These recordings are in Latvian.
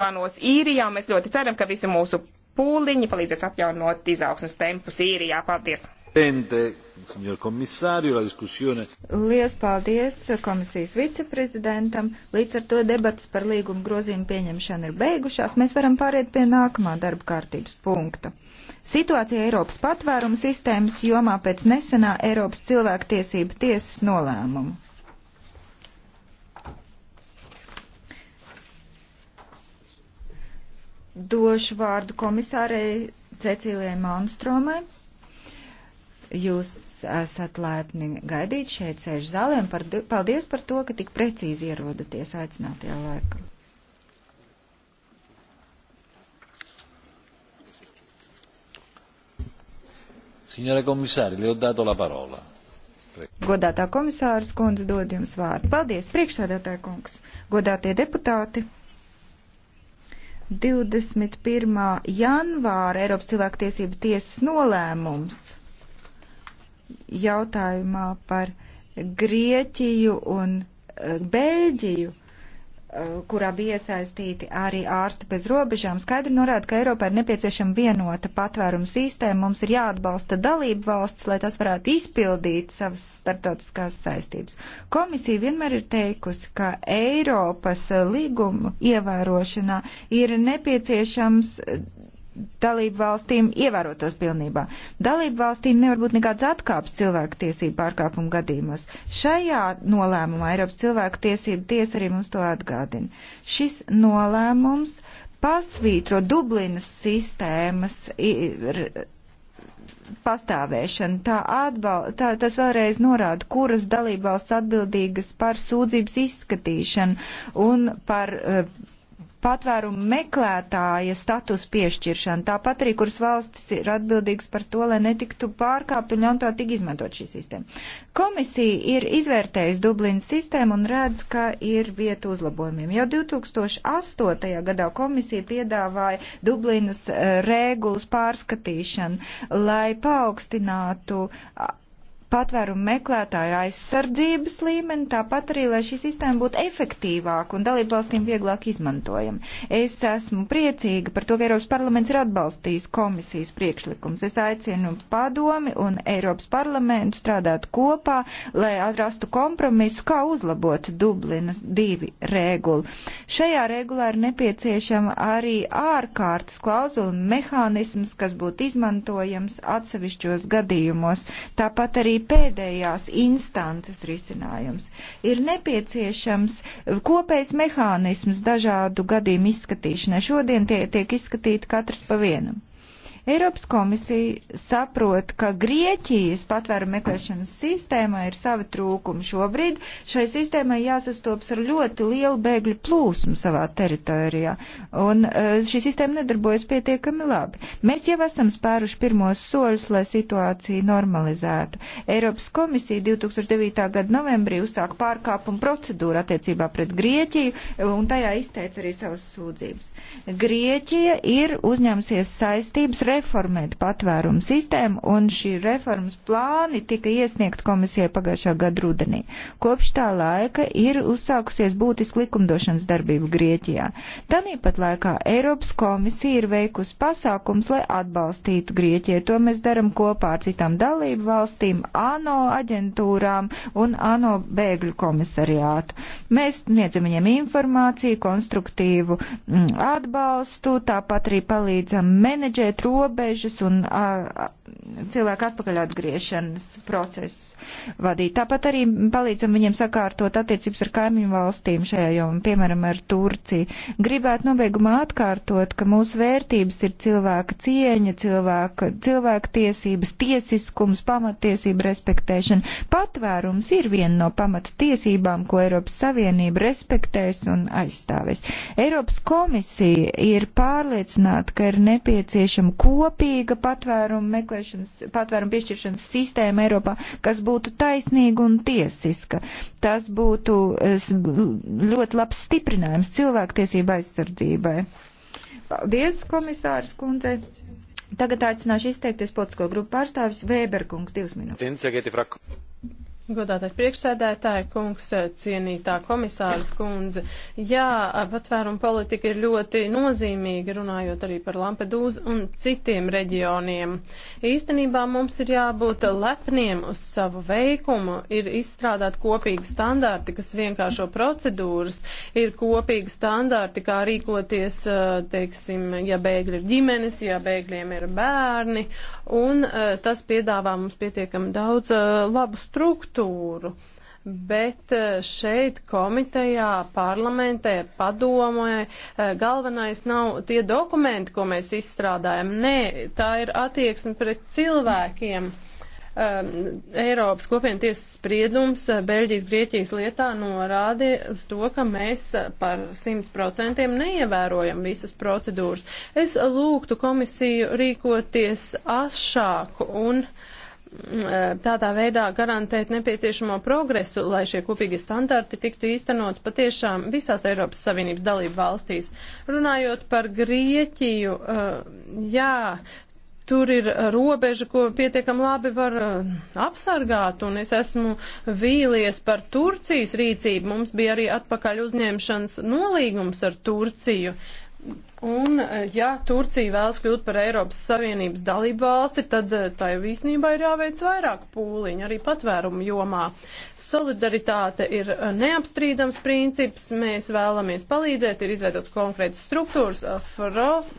plānos īrijā. Mēs ļoti ceram, ka visi mūsu pūliņi palīdzēs atjaunot izaugsmas tempus īrijā. Paldies! Lielas paldies komisijas viceprezidentam. Līdz ar to debatas par līgumu grozījumu pieņemšanu ir beigušās. Mēs varam pāriet pie nākamā darba kārtības punkta. Situācija Eiropas patvērumu sistēmas jomā pēc nesenā Eiropas cilvēktiesība tiesas nolēmumu. došu vārdu komisārei Cecīlijai Malmstromai. Jūs esat laipni gaidīt šeit sēžu zālē un par, paldies par to, ka tik precīzi ierodaties aicinātajā laikā. Signora komisāri, le ho dato la parola. Godātā komisāras kundze dod jums vārdu. Paldies, priekšsēdētāja kungs. Godātie deputāti. 21. janvāra Eiropas cilvēktiesība tiesas nolēmums jautājumā par Grieķiju un eh, Beļģiju kurā bija iesaistīti arī ārsti bez robežām, skaidri norāda, ka Eiropā ir nepieciešama vienota patvēruma sistēma. Mums ir jāatbalsta dalību valsts, lai tas varētu izpildīt savas starptautiskās saistības. Komisija vienmēr ir teikusi, ka Eiropas līgumu ievērošanā ir nepieciešams dalību valstīm ievērotos pilnībā. Dalību valstīm nevar būt nekāds atkāps cilvēku tiesību pārkāpumu gadījumos. Šajā nolēmumā Eiropas cilvēku tiesību tiesa arī mums to atgādina. Šis nolēmums pasvītro Dublinas sistēmas pastāvēšanu. Tā atbal, tā, tas vēlreiz norāda, kuras dalībvalsts atbildīgas par sūdzības izskatīšanu un par uh, patvērumu meklētāja status piešķiršanu. Tāpat arī, kuras valstis ir atbildīgas par to, lai netiktu pārkāpt un ļaunprātīgi izmantot šī sistēma. Komisija ir izvērtējusi Dublinas sistēmu un redz, ka ir vieta uzlabojumiem. Jau 2008. gadā komisija piedāvāja Dublinas eh, regulas pārskatīšanu, lai paaugstinātu patvērumu meklētāju aizsardzības līmeni, tāpat arī, lai šī sistēma būtu efektīvāka un dalībvalstīm vieglāk izmantojama. Es esmu priecīga par to, ka Eiropas parlaments ir atbalstījis komisijas priekšlikums. Es aicinu padomi un Eiropas parlamentu strādāt kopā, lai atrastu kompromisu, kā uzlabot Dublinas divi regulu. Šajā regulā ir nepieciešama arī ārkārtas klauzula mehānisms, kas būtu izmantojams atsevišķos gadījumos. Tāpat arī arī pēdējās instances risinājums. Ir nepieciešams kopējs mehānisms dažādu gadījumu izskatīšanai. Šodien tie tiek izskatīti katrs pa vienam. Eiropas komisija saprot, ka Grieķijas patvēru meklēšanas sistēmā ir savi trūkumi šobrīd. Šai sistēmai jāsastops ar ļoti lielu bēgļu plūsmu savā teritorijā, un e, šī sistēma nedarbojas pietiekami labi. Mēs jau esam spēruši pirmos soļus, lai situāciju normalizētu. Eiropas komisija 2009. gada novembrī uzsāka pārkāpumu procedūru attiecībā pret Grieķiju, e, un tajā izteica arī savas sūdzības. Grieķija ir uzņēmusies saistības reformēt patvērumu sistēmu, un šī reformas plāni tika iesniegt komisijai pagājušā gada rudenī. Kopš tā laika ir uzsākusies būtiski likumdošanas darbība Grieķijā. Tanīpat laikā Eiropas komisija ir veikusi pasākums, lai atbalstītu Grieķiju. To mēs daram kopā ar citām dalību valstīm, ANO aģentūrām un ANO bēgļu komisariātu. Mēs sniedzam viņiem informāciju, konstruktīvu mm, atbalstu, tāpat arī palīdzam menedžēt robežu robežas un cilvēku atpakaļ atgriešanas procesu vadīt. Tāpat arī palīdzam viņiem sakārtot attiecības ar kaimiņu valstīm šajā jomā, piemēram, ar Turciju. Gribētu nobeigumā atkārtot, ka mūsu vērtības ir cilvēka cieņa, cilvēka, cilvēka tiesības, tiesiskums, pamatiesība respektēšana. Patvērums ir viena no pamata tiesībām, ko Eiropas Savienība respektēs un aizstāvēs. Eiropas komisija ir pārliecināta, ka ir nepieciešama kopīga patvēruma meklēšana patvērumu piešķiršanas sistēma Eiropā, kas būtu taisnīga un tiesiska. Tas būtu ļoti labs stiprinājums cilvēktiesība aizsardzībai. Paldies, komisārs kundze. Tagad aicināšu izteikties politisko grupu pārstāvis Vēberkungs, divas minūtes. Godātais priekšsēdētāji, kungs, cienītā komisāras kundze. Jā, patvērumu politika ir ļoti nozīmīga, runājot arī par Lampedūzu un citiem reģioniem. Īstenībā mums ir jābūt lepniem uz savu veikumu, ir izstrādāt kopīgi standarti, kas vienkāršo procedūras, ir kopīgi standarti, kā rīkoties, eh, teiksim, ja bēgļi ir ģimenes, ja bēgļiem ir bērni, un eh, tas piedāvā mums pietiekami daudz eh, labu struktūru struktūru. Bet eh, šeit komitejā, parlamentē, padomē eh, galvenais nav tie dokumenti, ko mēs izstrādājam. Nē, tā ir attieksme pret cilvēkiem. Ehm, Eiropas kopienas tiesas spriedums eh, Beļģijas, Grieķijas lietā norādīja uz to, ka mēs par 100% neievērojam visas procedūras. Es lūgtu komisiju rīkoties asšāk un uh, Mm, tādā veidā garantēt nepieciešamo progresu, lai šie kopīgi standarti tiktu īstenot patiešām visās Eiropas Savienības dalību valstīs. Runājot par Grieķiju, eh, jā, tur ir robeža, ko pietiekam labi var eh, apsargāt, un es esmu vīlies par Turcijas rīcību. Mums bija arī atpakaļ uzņemšanas nolīgums ar Turciju Un, eh, ja Turcija vēlas kļūt par Eiropas Savienības dalību valsti, tad eh, tai īstenībā ir jāveic vairāk pūliņu arī patvērumu jomā. Solidaritāte ir eh, neapstrīdams princips, mēs vēlamies palīdzēt, ir izveidot konkrētas struktūras,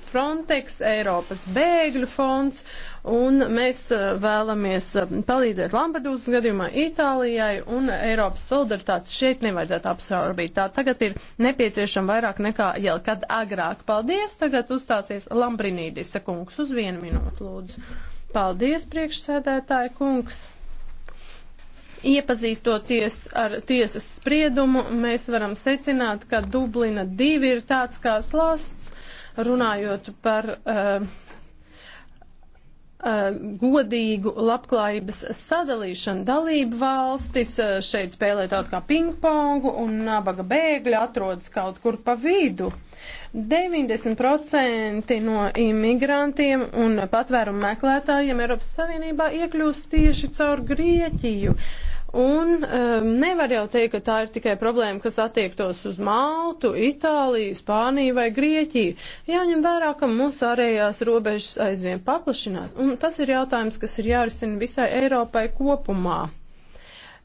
Frontex, Eiropas bēgļu fonds, un mēs vēlamies palīdzēt Lampedūzas gadījumā Itālijai, un Eiropas solidaritātes šeit nevajadzētu apsārbīt. Tā tagad ir nepieciešama vairāk nekā jau kad agrāk. Paldies! Paldies, tagad uzstāsies Lambrinīdisa kungs uz vienu minūtu lūdzu. Paldies, priekšsēdētāja kungs. Iepazīstoties ar tiesas spriedumu, mēs varam secināt, ka Dublina 2 ir tāds kā slasts, runājot par uh, uh, godīgu labklājības sadalīšanu. Dalību valstis eh, šeit spēlē tādu kā pingpongu un nabaga bēgļi atrodas kaut kur pa vidu. 90% no imigrantiem un patvērumu meklētājiem Eiropas Savienībā iekļūst tieši caur Grieķiju. Un um, nevar jau teikt, ka tā ir tikai problēma, kas attiektos uz Maltu, Itāliju, Spāniju vai Grieķiju. Jāņem vērā, ka mūsu ārējās robežas aizvien paplašinās, un tas ir jautājums, kas ir jārisina visai Eiropai kopumā.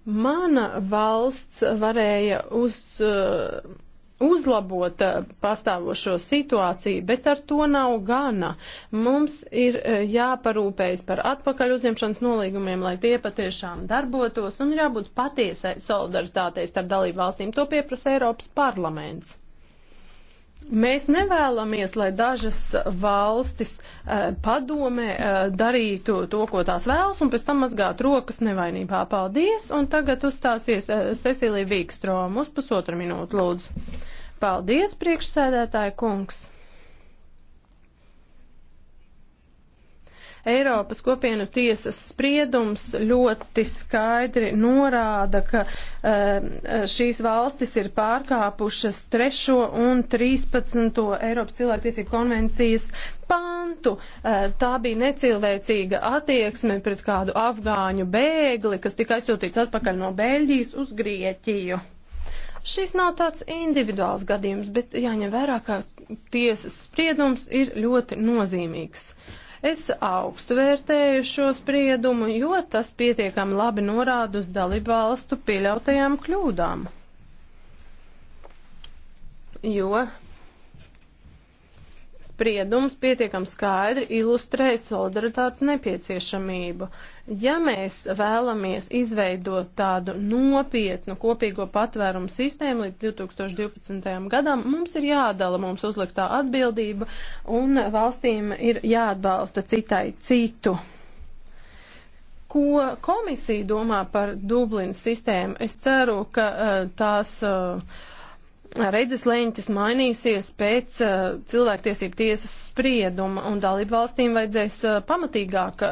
Mana valsts varēja uz. Uh, uzlabot eh, pastāvošo situāciju, bet ar to nav gana. Mums ir eh, jāparūpējas par atpakaļ uzņemšanas nolīgumiem, lai tie patiešām darbotos un jābūt patiesai solidaritātei starp dalību valstīm. To pieprasa Eiropas parlaments. Mēs nevēlamies, lai dažas valstis eh, padome eh, darītu to, ko tās vēlas, un pēc tam mazgāt rokas nevainībā. Paldies! Un tagad uzstāsies eh, Cecilija Vīkstroma uz pusotru minūtu, lūdzu. Paldies, priekšsēdētāja kungs! Eiropas kopienu tiesas spriedums ļoti skaidri norāda, ka uh, šīs valstis ir pārkāpušas 3. un 13. Eiropas cilvēktiesību konvencijas pantu. Uh, tā bija necilvēcīga attieksme pret kādu afgāņu bēgli, kas tika aizsūtīts atpakaļ no Beļģijas uz Grieķiju. Šis nav tāds individuāls gadījums, bet jāņem vērā, ka tiesas spriedums ir ļoti nozīmīgs. Es augstu vērtēju šo spriedumu, jo tas pietiekami labi norāda uz dalību valstu pieļautajām kļūdām. Jo spriedums pietiekami skaidri ilustrē solidaritātes nepieciešamību. Ja mēs vēlamies izveidot tādu nopietnu kopīgo patvērumu sistēmu līdz 2012. gadam, mums ir jādala mums uzliktā atbildība un valstīm ir jāatbalsta citai citu. Ko komisija domā par Dublinas sistēmu? Es ceru, ka eh, tās eh, redzes leņķis mainīsies pēc eh, cilvēktiesību tiesas sprieduma un dalību valstīm vajadzēs pamatīgāk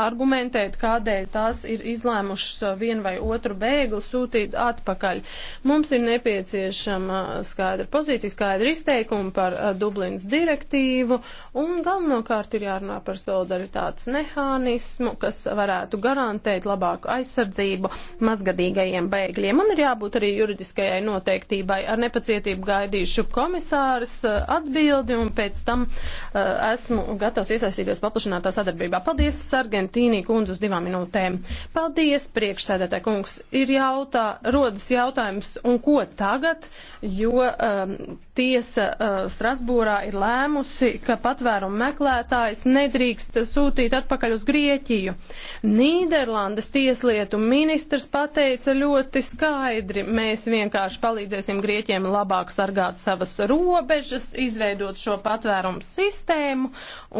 argumentēt, kādēļ tās ir izlēmušas vienu vai otru bēgli sūtīt atpakaļ. Mums ir nepieciešama skaidra pozīcija, skaidra izteikuma par eh, Dublinas direktīvu un galvenokārt ir jārunā par solidaritātes mehānismu, kas varētu garantēt labāku aizsardzību mazgadīgajiem bēgļiem. Un ir jābūt arī juridiskajai noteiktībai. Ar nepacietību gaidīšu komisāras eh, atbildi un pēc tam uh, esmu gatavs iesaistīties paplašinātā sadarbībā. Paldies, Sargen! Sargentīnī kundze uz divām minūtēm. Paldies, priekšsēdētāji kungs. Ir jautā, rodas jautājums, un ko tagad, jo. Um, tiesa uh, Strasbūrā ir lēmusi, ka patvērumu meklētājs nedrīkst sūtīt atpakaļ uz Grieķiju. Nīderlandes tieslietu ministrs pateica ļoti skaidri, mēs vienkārši palīdzēsim Grieķiem labāk sargāt savas robežas, izveidot šo patvērumu sistēmu,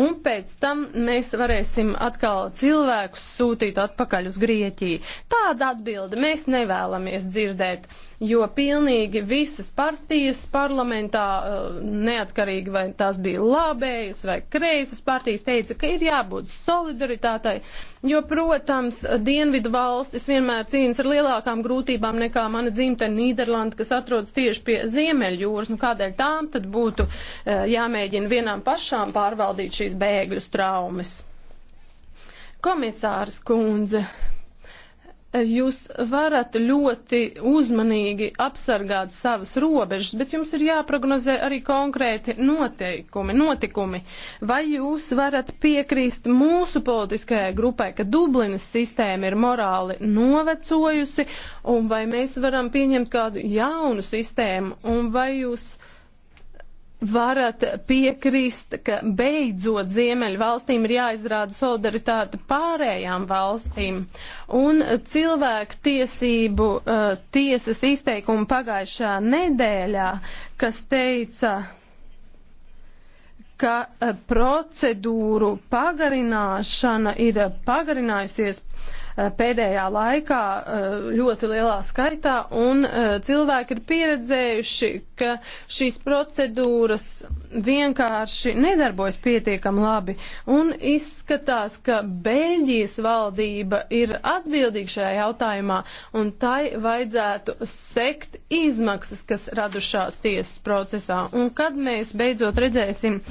un pēc tam mēs varēsim atkal cilvēkus sūtīt atpakaļ uz Grieķiju. Tāda atbilde mēs nevēlamies dzirdēt, jo pilnīgi visas partijas parlamentā parlamentā, uh, neatkarīgi vai tās bija labējas vai kreisas partijas, teica, ka ir jābūt solidaritātei, jo, protams, dienvidu valstis vienmēr cīnas ar lielākām grūtībām nekā mana dzimtene Nīderlanda, kas atrodas tieši pie Ziemeļjūras. Nu, kādēļ tām tad būtu uh, jāmēģina vienām pašām pārvaldīt šīs bēgļu traumas? Komisārs kundze, jūs varat ļoti uzmanīgi apsargāt savas robežas, bet jums ir jāprognozē arī konkrēti noteikumi, notikumi. Vai jūs varat piekrīst mūsu politiskajai grupai, ka Dublinas sistēma ir morāli novecojusi, un vai mēs varam pieņemt kādu jaunu sistēmu, un vai jūs. Uh, varat piekrist, ka beidzot Ziemeļu valstīm ir jāizrāda solidaritāte pārējām valstīm. Un cilvēku tiesību uh, tiesas izteikumu pagājušā nedēļā, kas teica, ka eh, procedūru pagarināšana ir pagarinājusies Eh, pēdējā laikā eh, ļoti lielā skaitā, un eh, cilvēki ir pieredzējuši, ka šīs procedūras vienkārši nedarbojas pietiekam labi, un izskatās, ka Beļģijas valdība ir atbildīga šajā jautājumā, un tai vajadzētu sekt izmaksas, kas radušās tiesas procesā. Un kad mēs beidzot redzēsim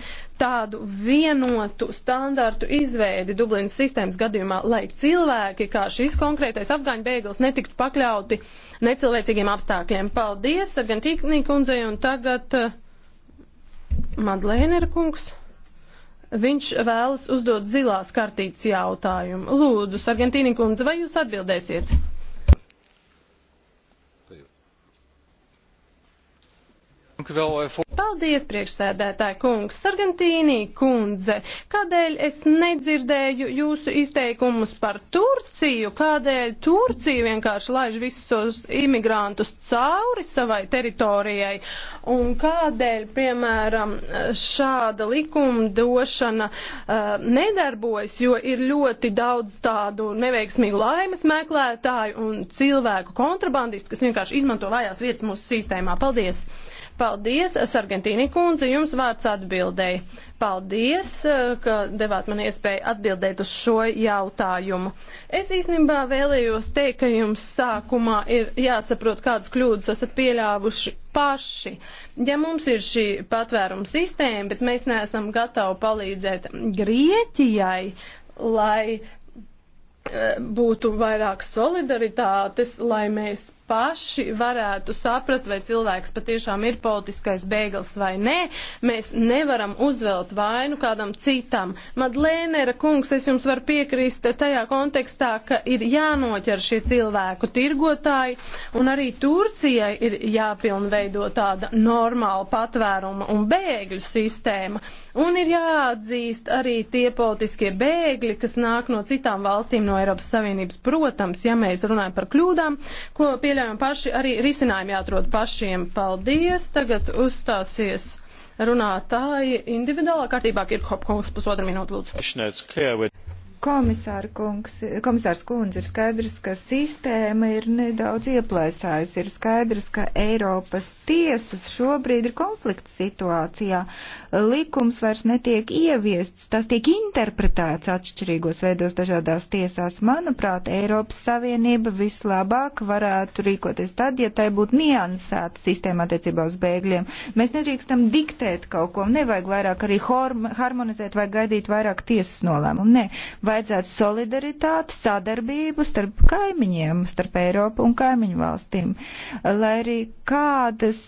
tādu vienotu standartu izveidi Dublinas sistēmas gadījumā, lai cilvēki, kā šis konkrētais afgāņu bēglis, netiktu pakļauti necilvēcīgiem apstākļiem. Paldies, Sargan Tīknī kundzei, un tagad uh, eh, Madlēner kungs. Viņš vēlas uzdot zilās kartītes jautājumu. Lūdzu, Sargentīni kundze, vai jūs atbildēsiet? Eh, Paldies, priekšsēdētāji kungs, Sargentīnī kundze. Kādēļ es nedzirdēju jūsu izteikumus par Turciju? Kādēļ Turcija vienkārši laiž visus imigrantus cauri savai teritorijai? Un kādēļ, piemēram, šāda likumdošana uh, nedarbojas, jo ir ļoti daudz tādu neveiksmīgu laimes meklētāju un cilvēku kontrabandistu, kas vienkārši izmanto vājās vietas mūsu sistēmā? Paldies! Paldies, Sargentīni kundze, jums vārds atbildēja. Paldies, eh, ka devāt man iespēju atbildēt uz šo jautājumu. Es īstenībā vēlējos teikt, ka jums sākumā ir jāsaprot, kādas kļūdas esat pieļāvuši paši. Ja mums ir šī patvēruma sistēma, bet mēs neesam gatavi palīdzēt Grieķijai, lai eh, būtu vairāk solidaritātes, lai mēs paši varētu saprast, vai cilvēks patiešām ir politiskais bēglis vai nē. Mēs nevaram uzvelt vainu kādam citam. Madlēnera kungs, es jums varu piekrist tajā kontekstā, ka ir jānoķer šie cilvēku tirgotāji, un arī Turcijai ir jāpilnveido tāda normāla patvēruma un bēgļu sistēma. Un ir jāatzīst arī tie politiskie bēgļi, kas nāk no citām valstīm no Eiropas Savienības. Protams, ja mēs runājam par kļūdām, ko pie pieļaujam paši, arī risinājumi jāatrod pašiem. Paldies! Tagad uzstāsies runātāji individuālā kārtībā. Kirkhopkungs pusotra minūte, lūdzu. Komisāra kungs, komisārs kundze ir skaidrs, ka sistēma ir nedaudz ieplēsājusi. Ir skaidrs, ka Eiropas tiesas šobrīd ir konflikta situācijā. Likums vairs netiek ieviests, tas tiek interpretēts atšķirīgos veidos dažādās tiesās. Manuprāt, Eiropas Savienība vislabāk varētu rīkoties tad, ja tai būtu niansēta sistēma attiecībā uz bēgļiem. Mēs nedrīkstam diktēt kaut ko, nevajag vairāk arī harmonizēt vai gaidīt vairāk tiesas nolēmumu. Nē, vajadzētu solidaritāti, sadarbību starp kaimiņiem, starp Eiropu un kaimiņu valstīm. Lai arī kādas,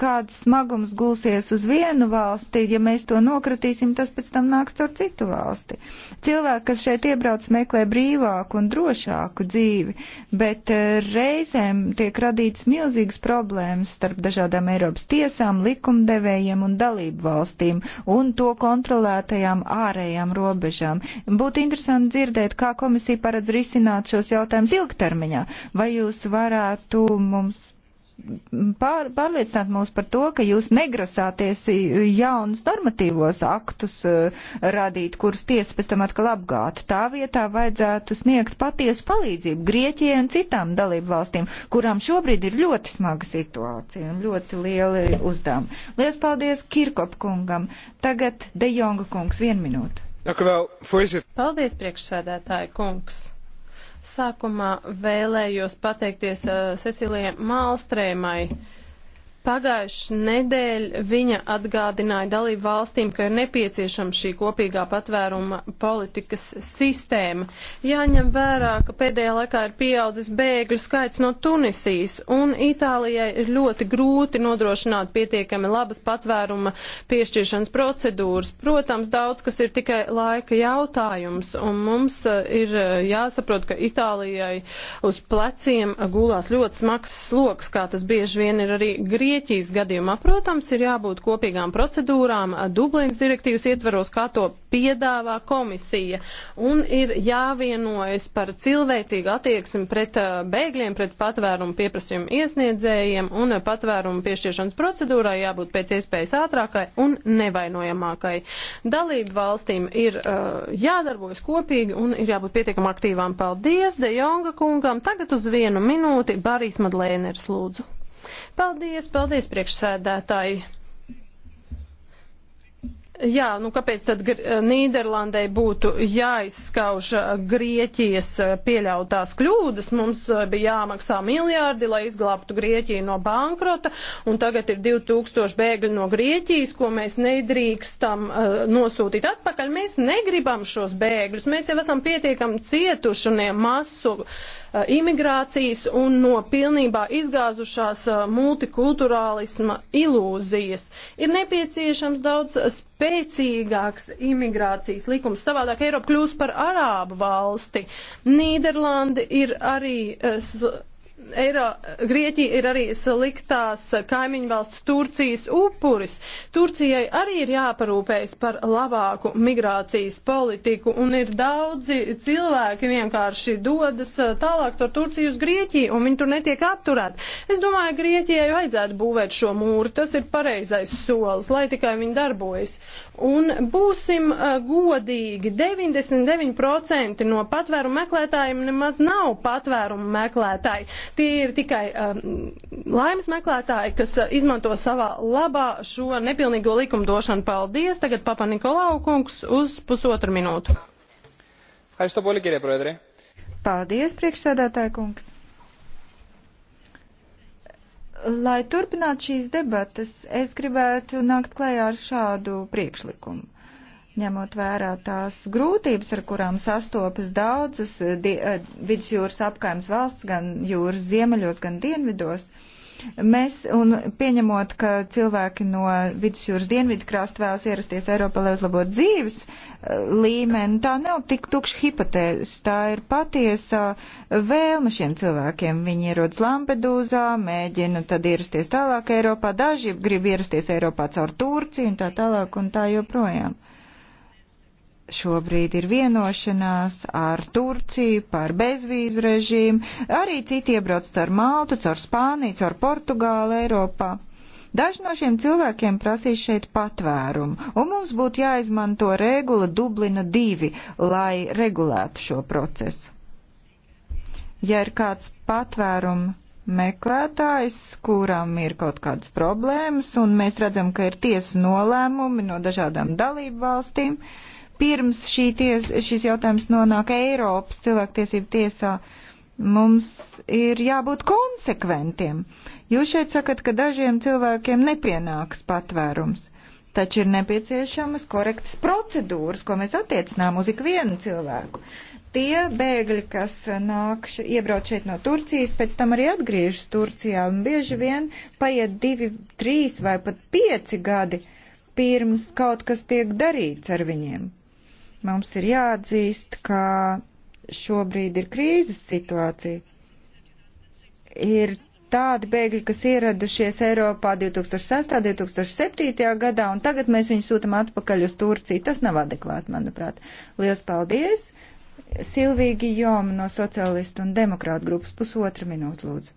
kāds smagums gulsies uz vienu valsti, ja mēs to nokratīsim, tas pēc tam nāks caur citu valsti. Cilvēki, kas šeit iebrauc, meklē brīvāku un drošāku dzīvi, bet eh, reizēm tiek radīts milzīgas problēmas starp dažādām Eiropas tiesām, likumdevējiem un dalību valstīm un to kontrolētajām ārējām robežām. Būtu interesanti dzirdēt, kā komisija paredz risināt šos jautājumus ilgtermiņā. Vai jūs varētu mums pār, pārliecināt mūs par to, ka jūs negrasāties jaunus normatīvos aktus uh, radīt, kurus tiesa pēc tam atkal apgātu. Tā vietā vajadzētu sniegt patiesu palīdzību Grieķijai un citām dalību valstīm, kurām šobrīd ir ļoti smaga situācija un ļoti lieli uzdevumi. Lielas paldies Kirkop kungam. Tagad De Jonga kungs, vienu minūtu. Paldies, priekšsēdētāji kungs! Sākumā vēlējos pateikties uh, Cecilijai Mālstrēmai. Uh, Pagājuši nedēļ viņa atgādināja dalību valstīm, ka ir nepieciešama šī kopīgā patvēruma politikas sistēma. Jāņem vērā, ka pēdējā laikā ir pieaudzis bēgļu skaits no Tunisijas, un Itālijai ir ļoti grūti nodrošināt pietiekami labas patvēruma piešķiršanas procedūras. Protams, daudz kas ir tikai laika jautājums, un mums uh, ir uh, jāsaprot, ka Itālijai uz pleciem gulās ļoti smags sloks, kā tas bieži vien ir arī Grieķijai. Grieķijas gadījumā, protams, ir jābūt kopīgām procedūrām Dublīnas direktīvas ietveros, kā to piedāvā komisija, un ir jāvienojas par cilvēcīgu attieksmi pret bēgļiem, pret patvērumu pieprasījumu iesniedzējiem, un patvērumu piešķiršanas procedūrai jābūt pēc iespējas ātrākai un nevainojamākai. Dalību valstīm ir uh, jādarbojas kopīgi un ir jābūt pietiekam aktīvām. Paldies, De Jonga kungam! Tagad uz vienu minūti Barijas Madlēners lūdzu. Paldies, paldies, priekšsēdētāji. Jā, nu kāpēc tad Nīderlandai būtu jāizskauž uh, Grieķijas uh, pieļautās kļūdas? Mums uh, bija jāmaksā miljārdi, lai izglābtu Grieķiju no bankrota, un tagad ir 2000 bēgļu no Grieķijas, ko mēs nedrīkstam uh, nosūtīt atpakaļ. Mēs negribam šos bēgļus, mēs jau esam pietiekami cietuši un masu. Uh, Uh, imigrācijas un no pilnībā izgāzušās uh, multikulturālisma ilūzijas. Ir nepieciešams daudz spēcīgāks imigrācijas likums. Savādāk Eiropa kļūs par arābu valsti. Nīderlandi ir arī uh, Eiro, Grieķija ir arī sliktās kaimiņvalsts Turcijas upuris. Turcijai arī ir jāparūpējas par labāku migrācijas politiku, un ir daudzi cilvēki vienkārši dodas eh, tālāk ar Turciju uz Grieķiju, un viņi tur netiek apturēti. Es domāju, Grieķijai vajadzētu būvēt šo mūru, tas ir pareizais solis, lai tikai viņi darbojas. Un būsim uh, godīgi, 99% no patvērumu meklētājiem nemaz nav patvērumu meklētāji. Tie ir tikai um, laimes meklētāji, kas uh, izmanto savā labā šo nepilnīgo likumdošanu. Paldies! Tagad Papa Nikolau kungs uz pusotru minūtu. Paldies, priekšsēdētāja kungs! Lai turpinātu šīs debatas, es gribētu nākt klajā ar šādu priekšlikumu ņemot vērā tās grūtības, ar kurām sastopas daudzas eh, eh, vidusjūras apkaimes valsts, gan jūras ziemeļos, gan dienvidos. Mēs, un pieņemot, ka cilvēki no vidusjūras dienvidu krasta vēlas ierasties Eiropā, lai uzlabotu dzīves eh, līmeni, tā nav tik tukša hipotēze. Tā ir patiesa vēlme šiem cilvēkiem. Viņi ierodas Lampedūzā, mēģina tad ierasties tālāk Eiropā, daži grib ierasties Eiropā caur Turciju un tā tālāk un tā joprojām. Uh, Šobrīd ir vienošanās ar Turciju par bezvīzu režīmu, arī citi iebrauc caur Maltu, caur Spāniju, caur Portugālu Eiropā. Daži no šiem cilvēkiem prasīs šeit patvērumu, un mums būtu jāizmanto regula Dublina 2, lai regulētu šo procesu. Ja ir kāds patvērumu meklētājs, kuram ir kaut kādas problēmas, un mēs redzam, ka ir tiesu nolēmumi no dažādām dalību valstīm, uh, pirms šī ties, šis jautājums nonāk Eiropas cilvēktiesību tiesā, mums ir jābūt konsekventiem. Jūs šeit sakat, ka dažiem cilvēkiem nepienāks patvērums, taču ir nepieciešamas korektas procedūras, ko mēs attiecinām uz ikvienu cilvēku. Tie bēgļi, kas nāk, še, iebrauc šeit no Turcijas, pēc tam arī atgriežas Turcijā un bieži vien paiet divi, trīs vai pat pieci gadi pirms kaut kas tiek darīts ar viņiem. Mums ir jāatzīst, ka šobrīd ir krīzes situācija. Ir tādi bēgļi, kas ieradušies Eiropā 2006. 2007. gadā, un tagad mēs viņus sūtam atpakaļ uz Turciju. Tas nav adekvāti, manuprāt. Lielas paldies! Silvīgi Joma no Socialistu un Demokrātu grupas pusotra minūte, lūdzu.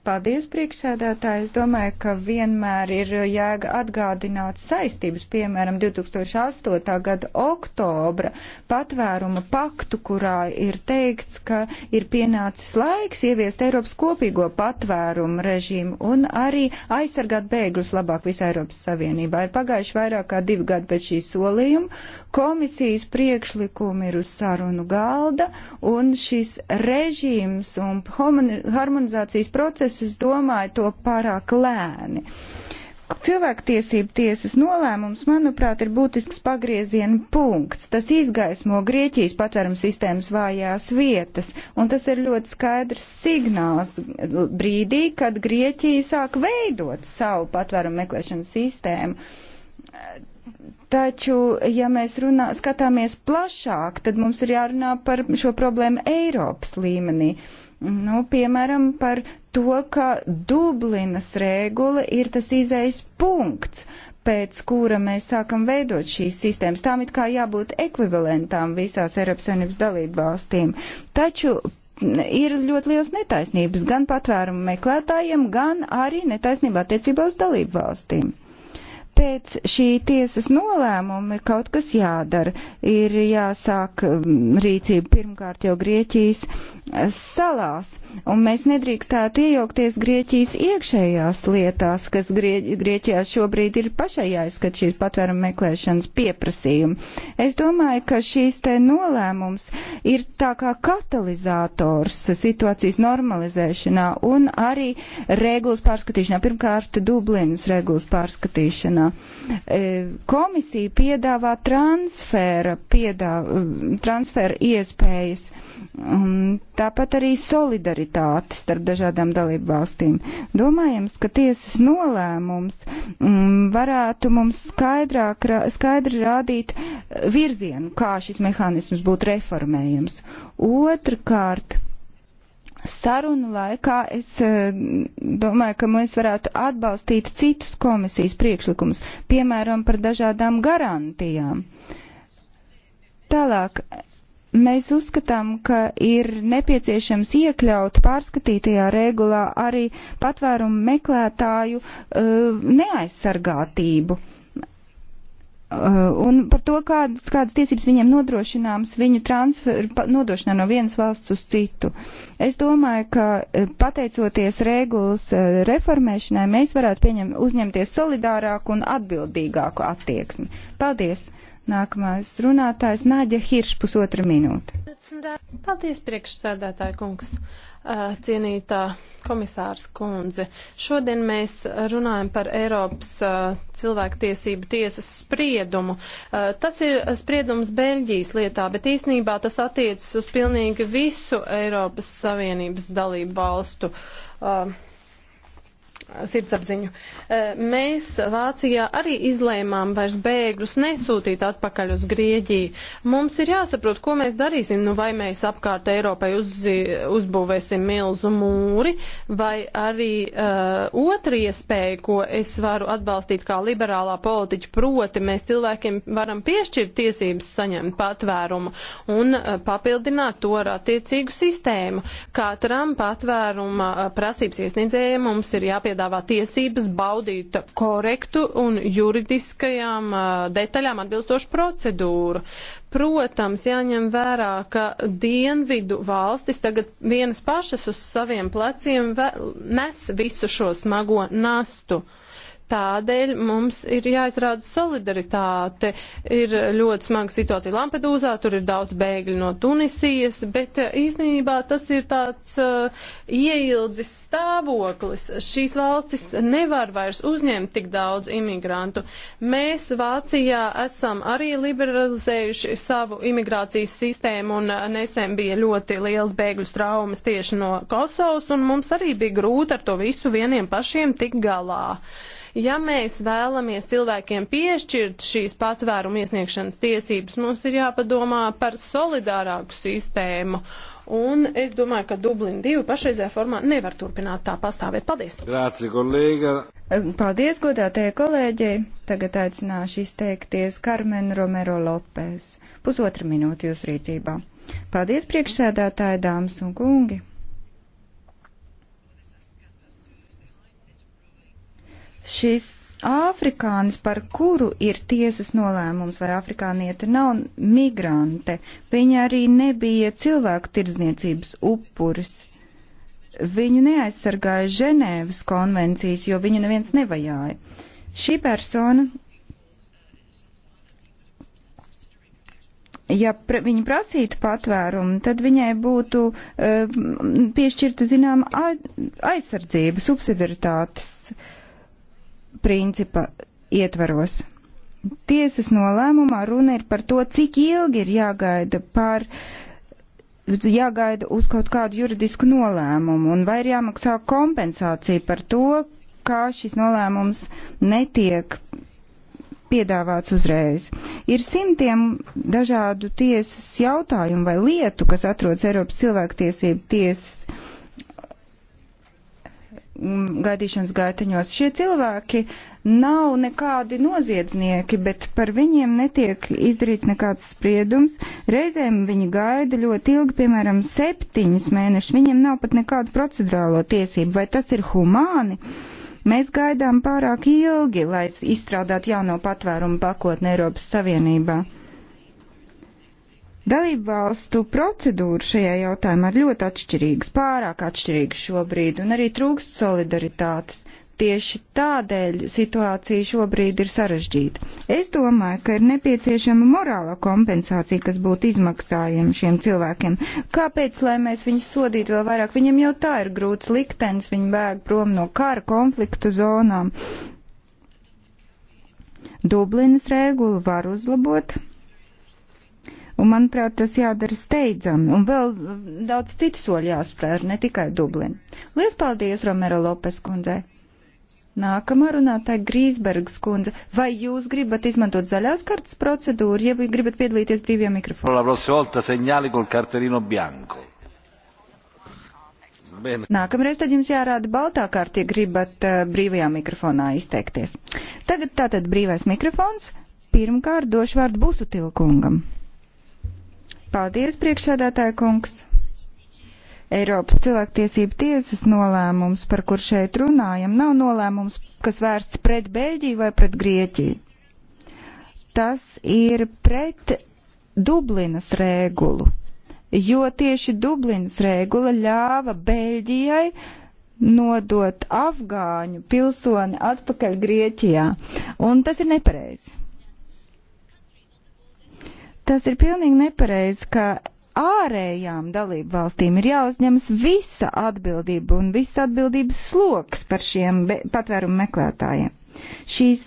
Paldies, priekšsēdētāji. Es domāju, ka vienmēr ir jēga atgādināt saistības, piemēram, 2008. gada oktobra patvēruma paktu, kurā ir teikts, ka ir pienācis laiks ieviest Eiropas kopīgo patvērumu režīmu un arī aizsargāt bēgļus labāk visā Eiropas Savienībā. Ir pagājuši vairāk kā divi gadi pēc šī solījuma. Komisijas priekšlikumi ir uz sarunu galda un šis režīms un harmonizācijas process es, es domāju, to pārāk lēni. Cilvēktiesību tiesas nolēmums, manuprāt, ir būtisks pagrieziena punkts. Tas izgaismo Grieķijas patvērums sistēmas vājās vietas, un tas ir ļoti skaidrs signāls brīdī, kad Grieķija sāk veidot savu patvērumu meklēšanas sistēmu. Taču, ja mēs runā, skatāmies plašāk, tad mums ir jārunā par šo problēmu Eiropas līmenī. Nu, piemēram, par to, ka Dublinas regula ir tas izējas punkts, pēc kura mēs sākam veidot šīs sistēmas. Tām it kā jābūt ekvivalentām visās Eiropas Savienības dalību valstīm. Taču ir ļoti liels netaisnības gan patvērumu meklētājiem, gan arī netaisnība attiecībā uz dalību valstīm pēc šī tiesas nolēmuma ir kaut kas jādara. Ir jāsāk rīcība pirmkārt jau Grieķijas salās, un mēs nedrīkstētu iejaukties Grieķijas iekšējās lietās, kas Grie Grieķijā šobrīd ir pašai jāizskat šī patvēruma meklēšanas pieprasījuma. Es domāju, ka šīs te nolēmums ir tā kā katalizators situācijas normalizēšanā un arī regulas pārskatīšanā, pirmkārt Dublinas regulas pārskatīšanā. E, komisija piedāvā transfera, piedāvā, transfera iespējas. Un tāpat arī solidaritāti starp dažādām dalību valstīm. Domājams, ka tiesas nolēmums m, mm, varētu mums skaidrāk, skaidri rādīt virzienu, kā šis mehānisms būtu reformējams. Otrakārt, sarunu laikā es eh, domāju, ka mēs varētu atbalstīt citus komisijas priekšlikumus, piemēram, par dažādām garantijām. Tālāk Mēs uzskatām, ka ir nepieciešams iekļaut pārskatītajā regulā arī patvērumu meklētāju uh, neaizsargātību. Uh, un par to, kādas, kādas tiesības viņiem nodrošināmas viņu transferu nodošanā no vienas valsts uz citu. Es domāju, ka uh, pateicoties regulas uh, reformēšanai, mēs varētu pieņem, uzņemties solidārāku un atbildīgāku attieksmi. Paldies! Uh, Nākamais runātājs Nāģa Hirš pusotra minūte. Paldies, priekšsēdētāji kungs cienītā komisārs kundze. Šodien mēs runājam par Eiropas cilvēktiesību tiesas spriedumu. Tas ir spriedums Beļģijas lietā, bet īsnībā tas attiecas uz pilnīgi visu Eiropas Savienības dalību valstu. Uh, sirdsapziņu. Eh, mēs Vācijā arī izlēmām vairs bēgļus nesūtīt atpakaļ uz Grieģiju. Mums ir jāsaprot, ko mēs darīsim, nu vai mēs apkārt Eiropai uz, uzbūvēsim milzu mūri, vai arī uh, eh, otra iespēja, ko es varu atbalstīt kā liberālā politiķa, proti mēs cilvēkiem varam piešķirt tiesības saņemt patvērumu un uh, papildināt to ar attiecīgu sistēmu. Katram patvēruma uh, prasības iesniedzējiem mums ir jāpie jāpiedāvā tiesības baudīt korektu un juridiskajām uh, detaļām atbilstošu procedūru. Protams, jāņem vērā, ka dienvidu valstis tagad vienas pašas uz saviem pleciem nes visu šo smago nastu. Uh, Tādēļ mums ir jāizrāda solidaritāte. Ir ļoti smaga situācija Lampedūzā, tur ir daudz bēgļu no Tunisijas, bet eh, īstenībā tas ir tāds uh, ieildzis stāvoklis. Šīs valstis nevar vairs uzņemt tik daudz imigrantu. Mēs Vācijā esam arī liberalizējuši savu imigrācijas sistēmu un eh, nesen bija ļoti liels bēgļu traumas tieši no Kosovas un mums arī bija grūti ar to visu vieniem pašiem tik galā. Uh, Ja mēs vēlamies cilvēkiem piešķirt šīs patvērumu iesniegšanas tiesības, mums ir jāpadomā par solidārāku sistēmu. Un es domāju, ka Dublina 2 pašreizajā formā nevar turpināt tā pastāvēt. Paldies! Grāci, kolēģa! Paldies, godātajai kolēģei! Tagad aicināšu izteikties Karmen Romero Lopes. Pusotra minūte jūs rīcībā. Paldies, priekšsēdētāji, dāmas un kungi! Šis Āfrikānis, par kuru ir tiesas nolēmums, vai afrikāniete nav migrante, viņa arī nebija cilvēku tirdzniecības upuris. Viņu neaizsargāja Ženēvas konvencijas, jo viņu neviens nevajāja. Šī persona, ja pr viņa prasītu patvērumu, tad viņai būtu uh, piešķirta, zinām, aizsardzība, subsidiaritātes uh, principa ietvaros. Tiesas nolēmumā runa ir par to, cik ilgi ir jāgaida par jāgaida uz kaut kādu juridisku nolēmumu un vai ir jāmaksā kompensācija par to, kā šis nolēmums netiek piedāvāts uzreiz. Ir simtiem dažādu tiesas jautājumu vai lietu, kas atrodas Eiropas cilvēktiesību tiesas gaidīšanas gaitiņos. Šie cilvēki nav nekādi noziedznieki, bet par viņiem netiek izdarīts nekāds spriedums. Reizēm viņi gaida ļoti ilgi, piemēram, septiņus mēnešus. Viņiem nav pat nekādu procedurālo tiesību. Vai tas ir humāni? Mēs gaidām pārāk ilgi, lai izstrādātu jauno patvērumu pakotni Eiropas Savienībā. Dalību valstu procedūra šajā jautājumā ir ļoti atšķirīgas, pārāk atšķirīgas šobrīd, un arī trūkst solidaritātes. Tieši tādēļ situācija šobrīd ir sarežģīta. Es domāju, ka ir nepieciešama morāla kompensācija, kas būtu izmaksājama šiem cilvēkiem. Kāpēc, lai mēs viņus sodītu vēl vairāk? Viņiem jau tā ir grūts liktenis, viņi bēg prom no kara konfliktu zonām. Dublinas regulu var uzlabot Un, manuprāt, tas jādara steidzami. Un vēl daudz citu soļu jāspēr, ne tikai Dublina. Lies paldies, Romero Lopes kundzei! Nākamā runātāja Grīsbergs kundze, vai jūs gribat izmantot zaļās kartas procedūru, ja gribat piedalīties brīvajā mikrofonā? Nākamreiz tad jums jārāda baltā kārta, ja gribat uh, brīvajā mikrofonā izteikties. Tagad tātad brīvais mikrofons. Pirmkārt došu vārdu Busutilkungam. Paldies, priekšsēdētāja kungs! Eiropas cilvēktiesība tiesas nolēmums, par kur šeit runājam, nav nolēmums, kas vērsts pret Beļģiju vai pret Grieķiju. Tas ir pret Dublinas regulu, jo tieši Dublinas regula ļāva Beļģijai nodot afgāņu pilsoni atpakaļ Grieķijā, un tas ir nepareizi. Tas ir pilnīgi nepareizi, ka ārējām dalību valstīm ir jāuzņemas visa atbildība un viss atbildības sloks par šiem patvērumu meklētājiem. Šīs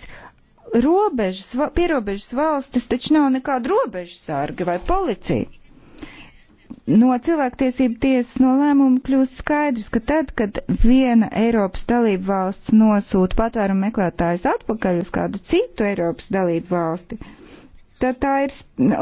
robežas, pierobežas valstis taču nav nekāda robežsarga vai policija. No cilvēktiesību tiesas nolēmuma kļūst skaidrs, ka tad, kad viena Eiropas dalība valsts nosūta patvērumu meklētājus atpakaļ uz kādu citu Eiropas dalību valsti, tad tā ir, nu,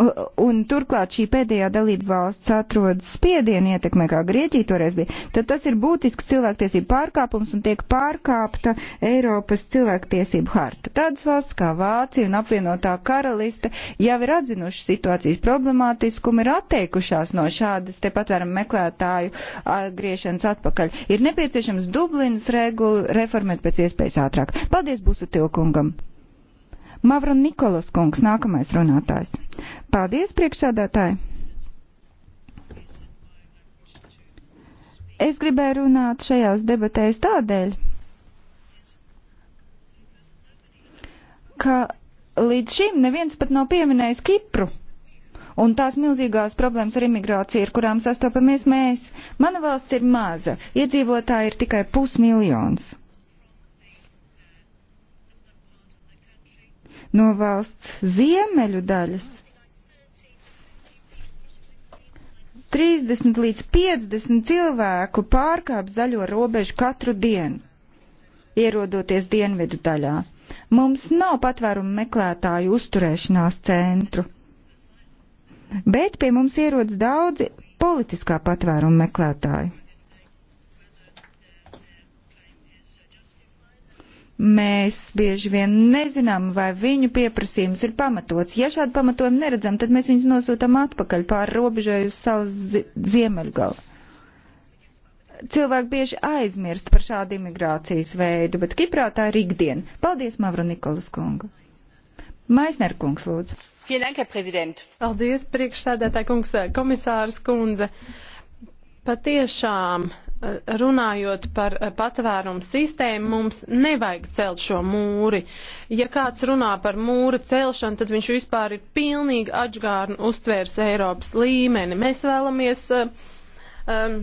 un turklāt šī pēdējā dalība valsts atrodas spiedienu ietekmē, kā Grieķija toreiz bija, tad tas ir būtisks cilvēktiesību pārkāpums un tiek pārkāpta Eiropas cilvēktiesību harta. Tādas valsts kā Vācija un apvienotā karaliste jau ir atzinuši situācijas problemātiskumu, ir atteikušās no šādas te patvēram meklētāju griešanas atpakaļ. Ir nepieciešams Dublinas regulu reformēt pēc iespējas ātrāk. Paldies, būsu tilkungam! Mavro Nikolas kungs, nākamais runātājs. Paldies, priekšsēdētāji! Es gribēju runāt šajās debatēs tādēļ, ka līdz šim neviens pat nav pieminējis Kipru un tās milzīgās problēmas ar imigrāciju, ar kurām sastopamies mēs. Mana valsts ir maza, iedzīvotāji ir tikai pusmiljons. no valsts ziemeļu daļas. 30 līdz 50 cilvēku pārkāp zaļo robežu katru dienu, ierodoties dienvidu daļā. Mums nav patvērumu meklētāju uzturēšanās centru, bet pie mums ierodas daudzi politiskā patvērumu meklētāju. Mēs bieži vien nezinām, vai viņu pieprasījums ir pamatots. Ja šādu pamatojumu neredzam, tad mēs viņus nosūtām atpakaļ pāri robežai uz salas zi ziemeļgalu cilvēki bieži aizmirst par šādu imigrācijas veidu, bet Kiprā tā ir ikdiena. Paldies, Mavro Nikolas kungu. Maisner kungs, lūdzu. Paldies, priekšsēdētāji kungs, komisārs kundze. Patiešām runājot par eh, patvērumu sistēmu, mums nevajag celt šo mūri. Ja kāds runā par mūra celšanu, tad viņš vispār ir pilnīgi atžgārni uztvērs Eiropas līmeni. Mēs vēlamies eh, um,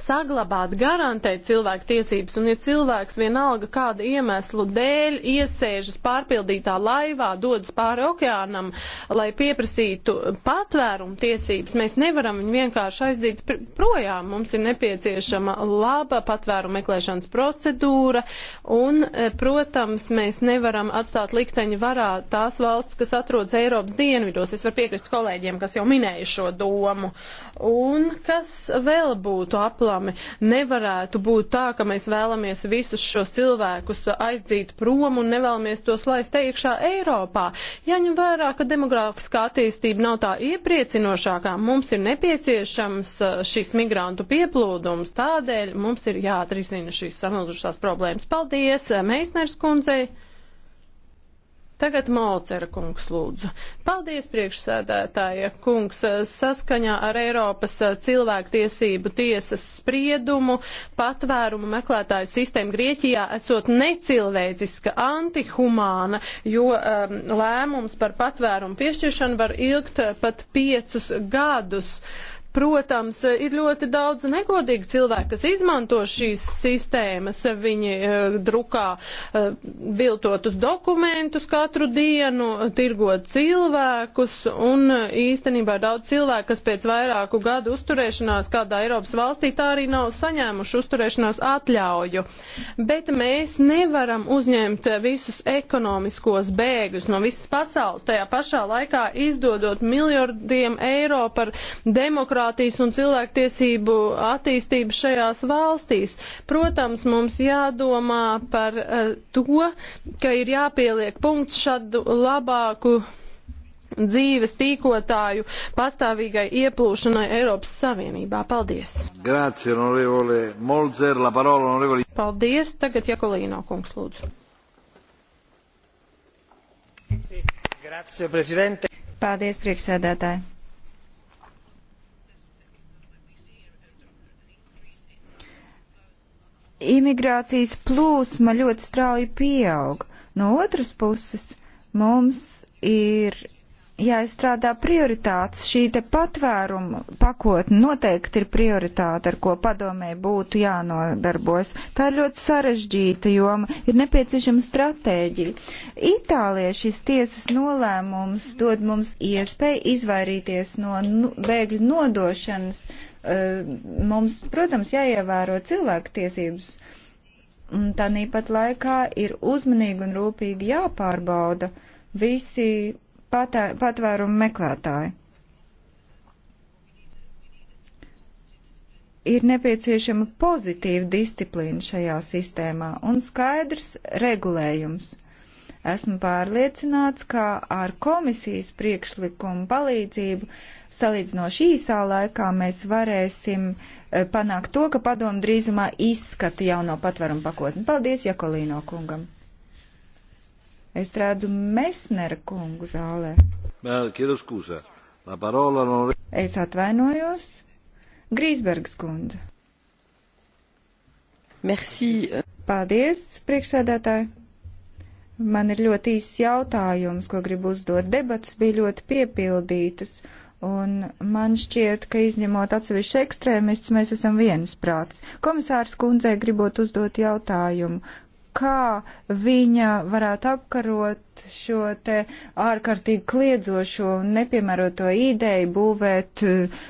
saglabāt, garantēt cilvēku tiesības, un ja cilvēks vienalga kādu iemeslu dēļ iesēžas pārpildītā laivā, dodas pāri okeānam, lai pieprasītu patvērumu tiesības, mēs nevaram viņu vienkārši aizdīt projām. Mums ir nepieciešama laba patvērumu meklēšanas procedūra, un, e, protams, mēs nevaram atstāt likteņu varā tās valsts, kas atrodas Eiropas dienvidos. Es varu piekrist kolēģiem, kas jau minēja šo domu. Un kas vēl būtu aplēsts? aplami. Nevarētu būt tā, ka mēs vēlamies visus šos cilvēkus aizdzīt prom un nevēlamies tos laist iekšā Eiropā. Jaņem vērā, ka demogrāfiskā attīstība nav tā iepriecinošākā, mums ir nepieciešams uh, šis migrantu pieplūdums, tādēļ mums ir jāatrisina šīs samilzušās problēmas. Paldies, uh, Meisners kundzei! Tagad Molcera kungs lūdzu. Paldies priekšsēdētāja kungs. Saskaņā ar Eiropas cilvēktiesību tiesas spriedumu patvērumu meklētāju sistēma Grieķijā esot necilvēciska, antihumāna, jo um, lēmums par patvērumu piešķiršanu var ilgt pat piecus gadus. Protams, ir ļoti daudz negodīgi cilvēki, kas izmanto šīs sistēmas. Viņi uh, drukā uh, eh, viltotus dokumentus katru dienu, tirgo cilvēkus un uh, īstenībā ir daudz cilvēku, kas pēc vairāku gadu uzturēšanās kādā Eiropas valstī tā arī nav saņēmuši uzturēšanās atļauju. Bet mēs nevaram uzņemt visus ekonomiskos bēgļus no visas pasaules, tajā pašā laikā izdodot miljardiem eiro par demokrātiju demokrātijas un cilvēktiesību attīstību šajās valstīs. Protams, mums jādomā par eh, to, ka ir jāpieliek punkts šādu labāku dzīves tīkotāju pastāvīgai ieplūšanai Eiropas Savienībā. Paldies! Grazie, onorevole Molzer, la parola onorevole. Paldies, tagad Jakolīno kungs lūdzu. Grazie, prezidente. Paldies, priekšsēdētāji. imigrācijas plūsma ļoti strauji pieaug. No otras puses, mums ir jāizstrādā prioritātes. Šī te patvēruma pakotne noteikti ir prioritāte, ar ko padomē būtu jānodarbojas. Tā ir ļoti sarežģīta joma, ir nepieciešama stratēģija. Itālijā šis tiesas nolēmums dod mums iespēju izvairīties no nu, bēgļu nodošanas Eh, mums, protams, jāievēro cilvēku tiesības, un tā nīpat laikā ir uzmanīgi un rūpīgi jāpārbauda visi patē, patvērumu meklētāji. ir nepieciešama pozitīva disciplīna šajā sistēmā un skaidrs regulējums. Esmu pārliecināts, ka ar komisijas priekšlikumu palīdzību salīdzinoši īsā laikā mēs varēsim e, panākt to, ka padomu drīzumā izskata jauno patvarumu pakotni. Paldies Jakolīno kungam! Es redzu Mesnera kungu zālē. Es atvainojos. Grīsbergas kundze. Merci. Paldies, priekšsēdētāji. Man ir ļoti īsts jautājums, ko gribu uzdot. Debats bija ļoti piepildītas, un man šķiet, ka izņemot atsevišķu ekstrēmistus, mēs esam viensprātis. Komisārs kundzē gribot uzdot jautājumu, kā viņa varētu apkarot šo te ārkārtīgi kliedzošo un nepiemēroto ideju būvēt uh,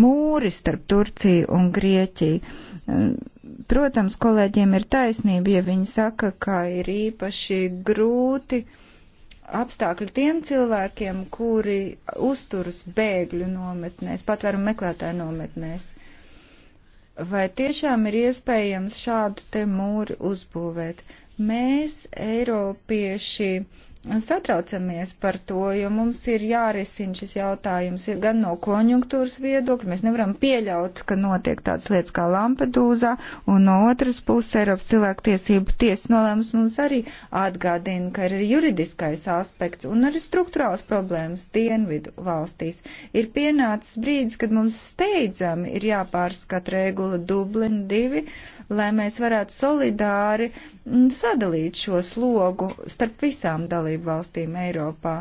mūri starp Turciju un Grieķiju. Uh, Protams, kolēģiem ir taisnība, ja viņi saka, ka ir īpaši grūti apstākļi tiem cilvēkiem, kuri uzturas bēgļu nometnēs, patvērumu meklētāju nometnēs. Vai tiešām ir iespējams šādu te mūri uzbūvēt? Mēs, Eiropieši, satraucamies par to, jo mums ir jārisina šis jautājums gan no konjunktūras viedokļa. Mēs nevaram pieļaut, ka notiek tādas lietas kā Lampedūzā, un no otras puses Eiropas cilvēktiesību tiesas nolēmums mums arī atgādina, ka ir juridiskais aspekts un arī struktūrāls problēmas dienvidu valstīs. Ir pienācis brīdis, kad mums steidzami ir jāpārskata regula Dublin 2, lai mēs varētu solidāri mm, sadalīt šo slogu starp visām dalību valstīm Eiropā.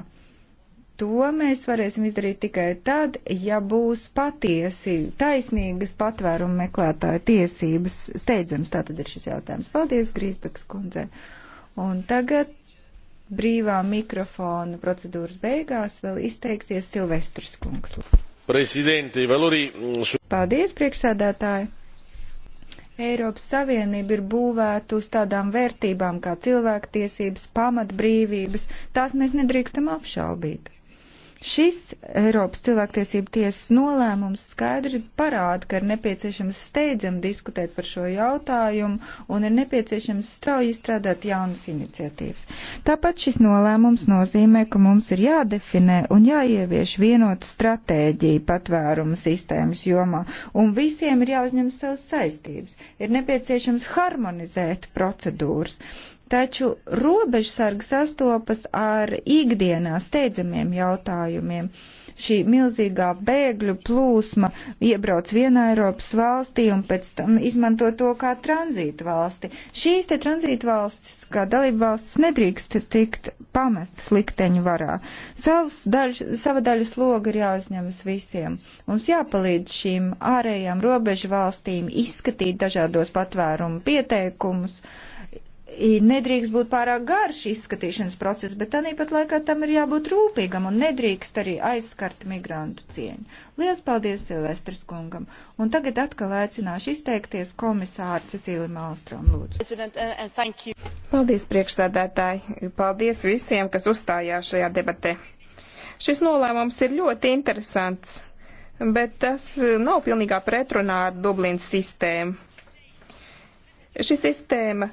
To mēs varēsim izdarīt tikai tad, ja būs patiesi taisnīgas patvērumu meklētāju tiesības steidzams. Tā tad ir šis jautājums. Paldies, Grīsbeks kundze. Un tagad brīvā mikrofona procedūras beigās vēl izteiksies Silvestris kungs. Valori... Mm, Paldies, priekšsēdētāji! Eiropas Savienība ir būvēta uz tādām vērtībām kā cilvēktiesības, pamatbrīvības. Tās mēs nedrīkstam apšaubīt. Šis Eiropas cilvēktiesību tiesas nolēmums skaidri parāda, ka ir nepieciešams steidzam diskutēt par šo jautājumu un ir nepieciešams strauji izstrādāt jaunas iniciatīvas. Tāpat šis nolēmums nozīmē, ka mums ir jādefinē un jāievieš vienota stratēģija patvērumu sistēmas jomā un visiem ir jāuzņem savas saistības. Ir nepieciešams harmonizēt procedūras taču robežsargi sastopas ar ikdienā steidzamiem jautājumiem. Šī milzīgā bēgļu plūsma iebrauc vienā Eiropas valstī un pēc tam izmanto to kā tranzītu valsti. Šīs te tranzītu valstis, kā dalība valstis, nedrīkst tikt pamestas likteņu varā. Savs daļ, sava daļa sloga ir jāuzņemas visiem. Mums jāpalīdz šīm ārējām robežu valstīm izskatīt dažādos patvērumu pieteikumus. Uh, nedrīkst būt pārāk garš izskatīšanas process, bet tāpat laikā tam ir jābūt rūpīgam un nedrīkst arī aizskart migrantu cieņu. Lielas paldies Silvestris kungam! Un tagad atkal aicināšu izteikties komisāru Cecīli Malstrom, lūdzu. Uh, paldies priekšsēdētāji! Paldies visiem, kas uzstājās šajā debatē! Šis nolēmums ir ļoti interesants, bet tas nav pilnīgā pretrunā ar Dublīnas sistēmu. Šī sistēma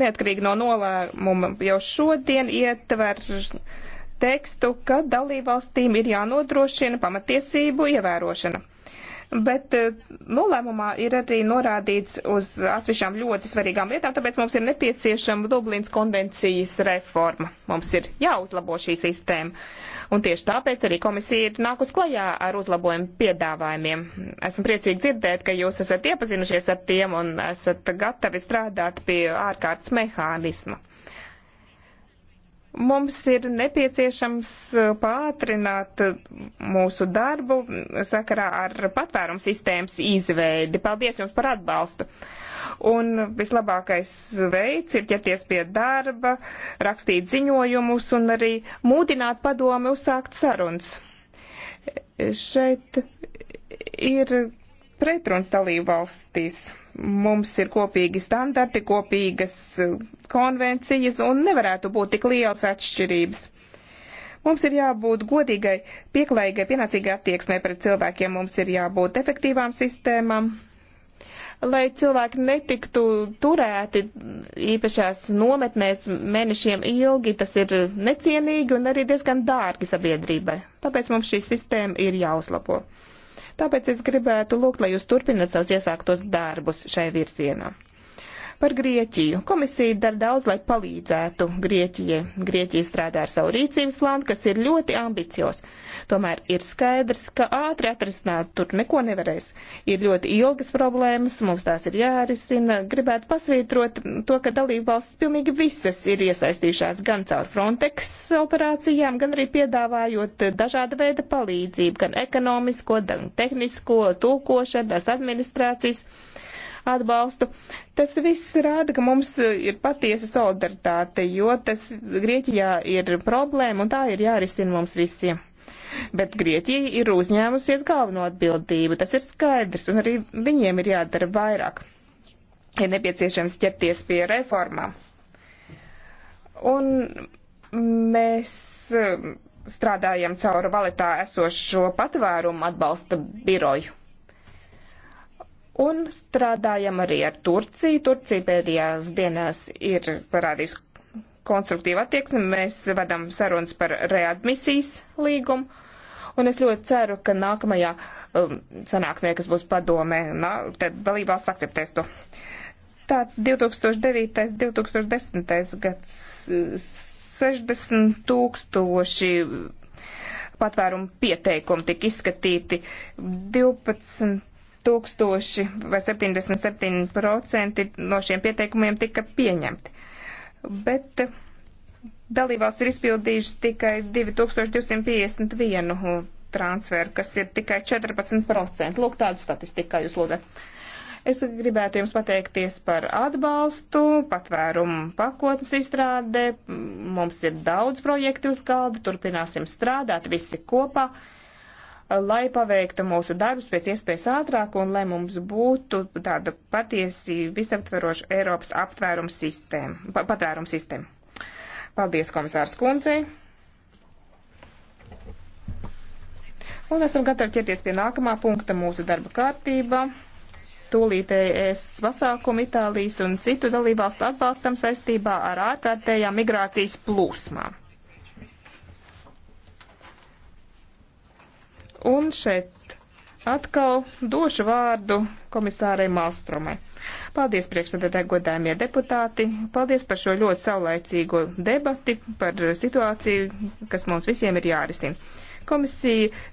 neatkarīgi no nolēmuma jau šodien ietver tekstu, ka dalībvalstīm ir jānodrošina pamatiesību ievērošana bet eh, nolēmumā ir arī norādīts uz atsevišķām ļoti svarīgām lietām, tāpēc mums ir nepieciešama Dublīnas konvencijas reforma. Mums ir jāuzlabo šī sistēma, un tieši tāpēc arī komisija ir nākus klajā ar uzlabojumu piedāvājumiem. Esmu priecīgi dzirdēt, ka jūs esat iepazinušies ar tiem un esat gatavi strādāt pie ārkārtas mehānisma. Mums ir nepieciešams eh, pātrināt eh, mūsu darbu sakarā ar patvērums sistēmas izveidi. Paldies jums par atbalstu! Un vislabākais veids ir ķerties pie darba, rakstīt ziņojumus un arī mūdināt padomi uzsākt sarunas. Šeit ir pretruns dalību valstīs mums ir kopīgi standarti, kopīgas uh, konvencijas un nevarētu būt tik liels atšķirības. Mums ir jābūt godīgai, pieklājīgai, pienācīgai attieksmē pret cilvēkiem, mums ir jābūt efektīvām sistēmām, lai cilvēki netiktu turēti īpašās nometnēs mēnešiem ilgi, tas ir necienīgi un arī diezgan dārgi sabiedrībai. Tāpēc mums šī sistēma ir jāuzlabo. Tāpēc es gribētu lūgt, lai jūs turpināt savus iesāktos darbus šai virzienā. Par Grieķiju. Komisija dara daudz, lai palīdzētu Grieķijai. Grieķija strādā ar savu rīcības plānu, kas ir ļoti ambicios. Tomēr ir skaidrs, ka ātri atrisināt tur neko nevarēs. Ir ļoti ilgas problēmas, mums tās ir jārisina. Gribētu pasvītrot to, ka dalībvalstis pilnīgi visas ir iesaistījušās gan caur Frontex operācijām, gan arī piedāvājot dažāda veida palīdzību, gan ekonomisko, gan tehnisko, tulkošanas, administrācijas atbalstu. Tas viss rāda, ka mums ir patiesa solidaritāte, jo tas Grieķijā ir problēma un tā ir jārisina mums visiem. Bet Grieķija ir uzņēmusies galveno atbildību, tas ir skaidrs, un arī viņiem ir jādara vairāk. Ir nepieciešams ķerties pie reformām. Un mēs um, strādājam caur valetā esošo patvērumu atbalsta biroju. Un strādājam arī ar Turciju. Turcija pēdējās dienās ir parādījis konstruktīvu attieksmi. Mēs vedam sarunas par readmisijas līgumu. Un es ļoti ceru, ka nākamajā um, sanāksmē, kas būs padomē, nā, tad dalībvalsts akceptēs to. Tā 2009. 2010. gads 60 tūkstoši patvērumu pieteikumu tika izskatīti 12 tūkstoši vai 77% no šiem pieteikumiem tika pieņemti. Bet dalībvalsts ir izpildījušas tikai 2251 transferu, kas ir tikai 14%. Lūk, tāda statistika jūs lūdzat. Es gribētu jums pateikties par atbalstu, patvērumu pakotnes izstrādē. Mums ir daudz projektu uz galda, turpināsim strādāt visi kopā lai paveiktu mūsu darbus pēc iespējas ātrāk un lai mums būtu tāda patiesi visaptveroša Eiropas aptvērums sistēma, patvērums sistēma. Paldies, komisārs Kundzei. Un esam gatavi ķerties pie nākamā punkta mūsu darba kārtībā. Tūlītējais e pasākumu Itālijas un citu dalībvalstu atbalstam saistībā ar ārkārtējām migrācijas plūsmām. Un šeit atkal došu vārdu komisārai Malstromai. Paldies priekšsēdētāji godājumie deputāti, paldies par šo ļoti saulaicīgo debati par situāciju, kas mums visiem ir jārisina. Komisija